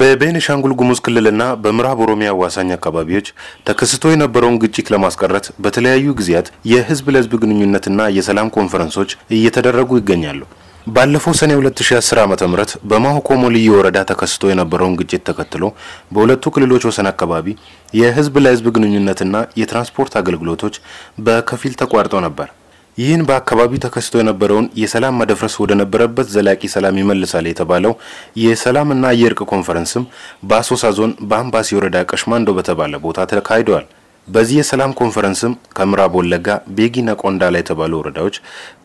በቤኒሻንጉል ጉሙዝ ክልልና በምዕራብ ኦሮሚያ አዋሳኝ አካባቢዎች ተከስቶ የነበረውን ግጭት ለማስቀረት በተለያዩ ጊዜያት የህዝብ ለህዝብ ግንኙነትና የሰላም ኮንፈረንሶች እየተደረጉ ይገኛሉ። ባለፈው ሰኔ 2010 ዓ.ም ም በማሆኮሞ ልዩ ወረዳ ተከስቶ የነበረውን ግጭት ተከትሎ በሁለቱ ክልሎች ወሰን አካባቢ የህዝብ ለህዝብ ግንኙነትና የትራንስፖርት አገልግሎቶች በከፊል ተቋርጠው ነበር። ይህን በአካባቢው ተከስቶ የነበረውን የሰላም መደፍረስ ወደ ነበረበት ዘላቂ ሰላም ይመልሳል የተባለው የሰላምና የእርቅ ኮንፈረንስም በአሶሳ ዞን በአምባሲ ወረዳ ቀሽማንዶ በተባለ ቦታ ተካሂደዋል። በዚህ የሰላም ኮንፈረንስም ከምዕራብ ወለጋ ቤጊና ላይ የተባሉ ወረዳዎች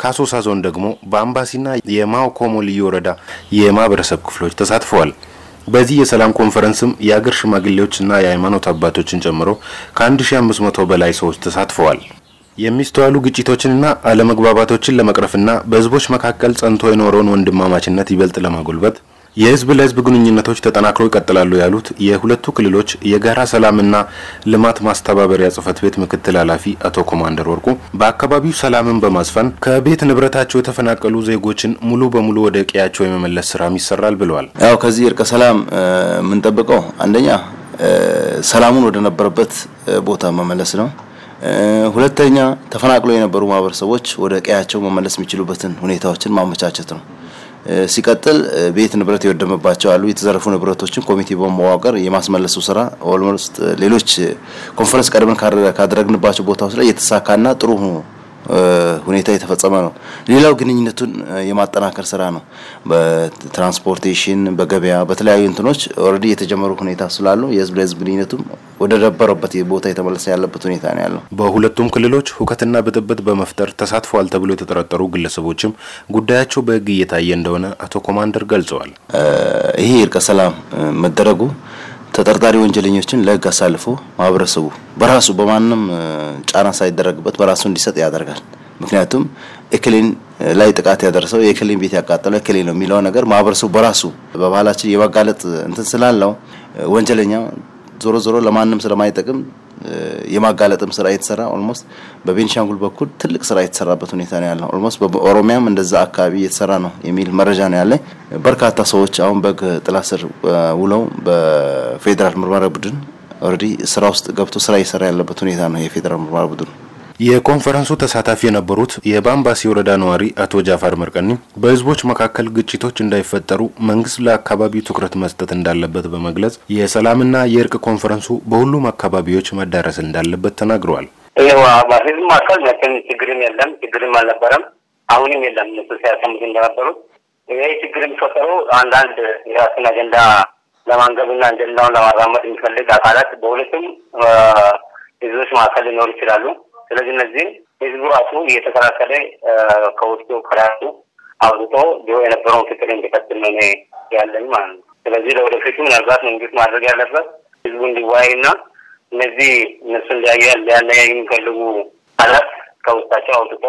ከአሶሳ ዞን ደግሞ በአምባሲና የማኦኮሞ ልዩ ወረዳ የማህበረሰብ ክፍሎች ተሳትፈዋል። በዚህ የሰላም ኮንፈረንስም የአገር ሽማግሌዎችና የሃይማኖት አባቶችን ጨምሮ ከ1500 በላይ ሰዎች ተሳትፈዋል። የሚስተዋሉ ግጭቶችንና አለመግባባቶችን ለመቅረፍና በህዝቦች መካከል ጸንቶ የኖረውን ወንድማማችነት ይበልጥ ለማጎልበት የህዝብ ለህዝብ ግንኙነቶች ተጠናክሮ ይቀጥላሉ ያሉት የሁለቱ ክልሎች የጋራ ሰላምና ልማት ማስተባበሪያ ጽህፈት ቤት ምክትል ኃላፊ አቶ ኮማንደር ወርቁ በአካባቢው ሰላምን በማስፈን ከቤት ንብረታቸው የተፈናቀሉ ዜጎችን ሙሉ በሙሉ ወደ ቀያቸው የመመለስ ስራም ይሰራል ብለዋል። ያው ከዚህ እርቀ ሰላም የምንጠብቀው አንደኛ ሰላሙን ወደ ነበረበት ቦታ መመለስ ነው። ሁለተኛ ተፈናቅሎ የነበሩ ማህበረሰቦች ወደ ቀያቸው መመለስ የሚችሉበትን ሁኔታዎችን ማመቻቸት ነው። ሲቀጥል ቤት ንብረት የወደመባቸው አሉ። የተዘረፉ ንብረቶችን ኮሚቴ በመዋቅር የማስመለሱ ስራ ኦልሞስት ሌሎች ኮንፈረንስ ቀድመን ካደረግንባቸው ቦታዎች ላይ የተሳካና ጥሩ ሁኔታ የተፈጸመ ነው። ሌላው ግንኙነቱን የማጠናከር ስራ ነው። በትራንስፖርቴሽን፣ በገበያ፣ በተለያዩ እንትኖች ኦልሬዲ የተጀመሩ ሁኔታ ስላሉ የህዝብ ለህዝብ ግንኙነቱም ወደ ነበረበት ቦታ የተመለሰ ያለበት ሁኔታ ነው ያለው። በሁለቱም ክልሎች ሁከትና ብጥብጥ በመፍጠር ተሳትፈዋል ተብሎ የተጠረጠሩ ግለሰቦችም ጉዳያቸው በህግ እየታየ እንደሆነ አቶ ኮማንደር ገልጸዋል። ይሄ እርቀ ሰላም መደረጉ ተጠርጣሪ ወንጀለኞችን ለህግ አሳልፎ ማህበረሰቡ በራሱ በማንም ጫና ሳይደረግበት በራሱ እንዲሰጥ ያደርጋል። ምክንያቱም እክሌን ላይ ጥቃት ያደረሰው የክሌን ቤት ያቃጠለው እክሌ ነው የሚለው ነገር ማህበረሰቡ በራሱ በባህላችን የመጋለጥ እንትን ስላለው ወንጀለኛ ዞሮ ዞሮ ለማንም ስለማይጠቅም የማጋለጥም ስራ የተሰራ ኦልሞስት በቤንሻንጉል በኩል ትልቅ ስራ የተሰራበት ሁኔታ ነው ያለው። ኦልሞስት በኦሮሚያም እንደዛ አካባቢ የተሰራ ነው የሚል መረጃ ነው ያለ። በርካታ ሰዎች አሁን በግ ጥላ ስር ውለው በፌዴራል ምርመራ ቡድን ኦልሬዲ ስራ ውስጥ ገብቶ ስራ እየሰራ ያለበት ሁኔታ ነው የፌዴራል ምርመራ ቡድን የኮንፈረንሱ ተሳታፊ የነበሩት የባምባሲ ወረዳ ነዋሪ አቶ ጃፋር መርቀኒ በህዝቦች መካከል ግጭቶች እንዳይፈጠሩ መንግስት ለአካባቢው ትኩረት መስጠት እንዳለበት በመግለጽ የሰላምና የእርቅ ኮንፈረንሱ በሁሉም አካባቢዎች መዳረስ እንዳለበት ተናግረዋል። በህዝብ መካከል መቼም ችግርም የለም፣ ችግርም አልነበረም፣ አሁንም የለም። እነሱ ሲያሰሙት እንደነበሩት ይህ ችግር የሚፈጠረው አንዳንድ የራስን አጀንዳ ለማንገብና አጀንዳውን ለማራመድ የሚፈልግ አካላት በሁለቱም ህዝቦች መካከል ሊኖሩ ይችላሉ። ስለዚህ እነዚህም ህዝቡ ራሱ እየተከላከለ ከውስጡ ከራሱ አውጥቶ ድሮ የነበረውን ፍቅር እንዲቀጥል ነው ያለኝ ማለት ነው። ስለዚህ ለወደፊቱ ምናልባት መንግስት ማድረግ ያለበት ህዝቡ እንዲወያይና እነዚህ እነሱ ሊያለያዩ የሚፈልጉ አላት ከውስጣቸው አውጥቶ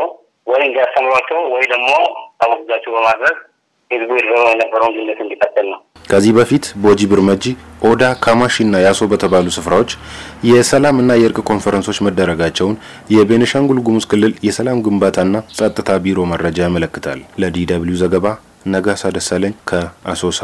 ወይ እንዲያስተምሯቸው ወይ ደግሞ አወግዛቸው በማድረግ ህዝቡ የነበረውን ግንኙነት እንዲቀጥል ነው። ከዚህ በፊት ቦጂ ብርመጂ፣ ኦዳ፣ እና ያሶ በተባሉ ስፍራዎች የሰላምና የእርቅ ኮንፈረንሶች መደረጋቸውን የቤኒሻንጉል ጉሙዝ ክልል የሰላም ግንባታና ጸጥታ ቢሮ መረጃ ያመለክታል። ለዲ ደብልዩ ዘገባ ነጋሳ ደሳለኝ ከአሶሳ